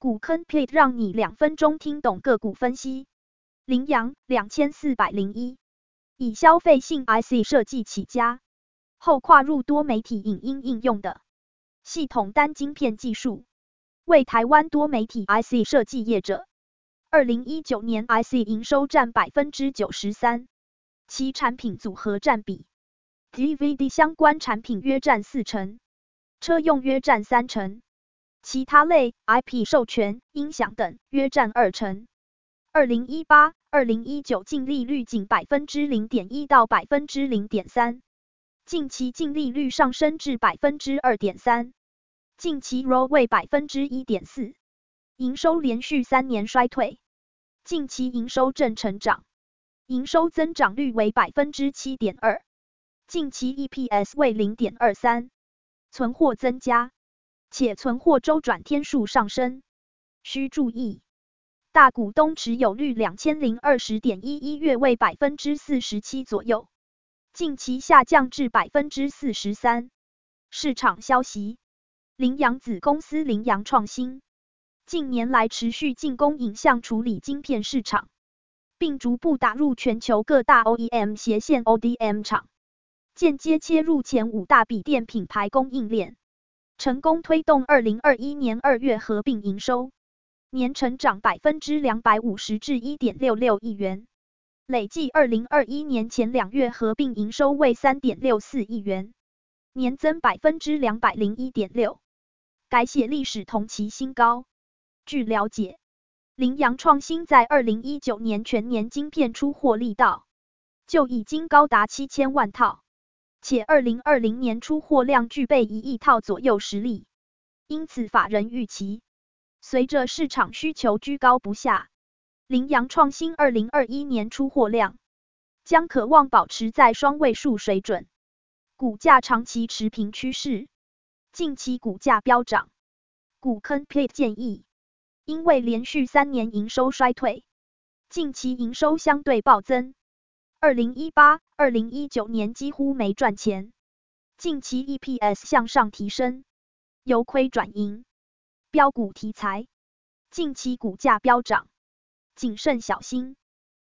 股坑，p l t e 讓你兩分鐘聽懂個股分析。凌陽兩千四百零一，以消費性 IC 設計起家，後跨入多媒體影音應用的系統單晶片技術，為台灣多媒體 IC 設計業者。二零一九年 IC 營收占百分之九十三，其產品組合占比，DVD 相關產品約占四成，車用約占三成。其他類 IP 授權、音響等約占二成。二零一八、二零一九淨利率僅百分之零點一到百分之零點三，近期淨利率上升至百分之二點三，近期 ROE 為百分之一點四，營收連續三年衰退，近期營收正成長，營收增長率為百分之七點二，近期 EPS 為零點二三，存貨增加。且存貨週轉天數上升，需注意，大股東持有率兩千零二十點一一月為百分之四十七左右，近期下降至百分之四十三。市場消息：凌陽子公司凌陽創新近年來持續進攻影像處理晶片市場，並逐步打入全球各大 OEM 斜線 ODM 廠，間接切入前五大筆電品牌供應鏈。成功推動二零二一年二月合併營收年成長百分之兩百五十，至一點六六億元，累計二零二一年前兩月合併營收為三點六四億元，年增百分之兩百零一點六，改寫歷史同期新高。據了解，凌陽創新在二零一九年全年晶片出貨力道就已經高達七千萬套。且2020年出貨量具備1億套左右實力，因此法人預期，隨着市場需求居高不下，凌陽創新2021年出貨量將可望保持在雙位數水準，股價長期持平趨勢，近期股價飆漲，股坑 plate 建議，因為連續三年營收衰退，近期營收相對暴增。二零一八、二零一九年幾乎沒賺錢，近期 EPS 向上提升，由虧轉盈，飆股題材，近期股價飆漲，謹慎小心。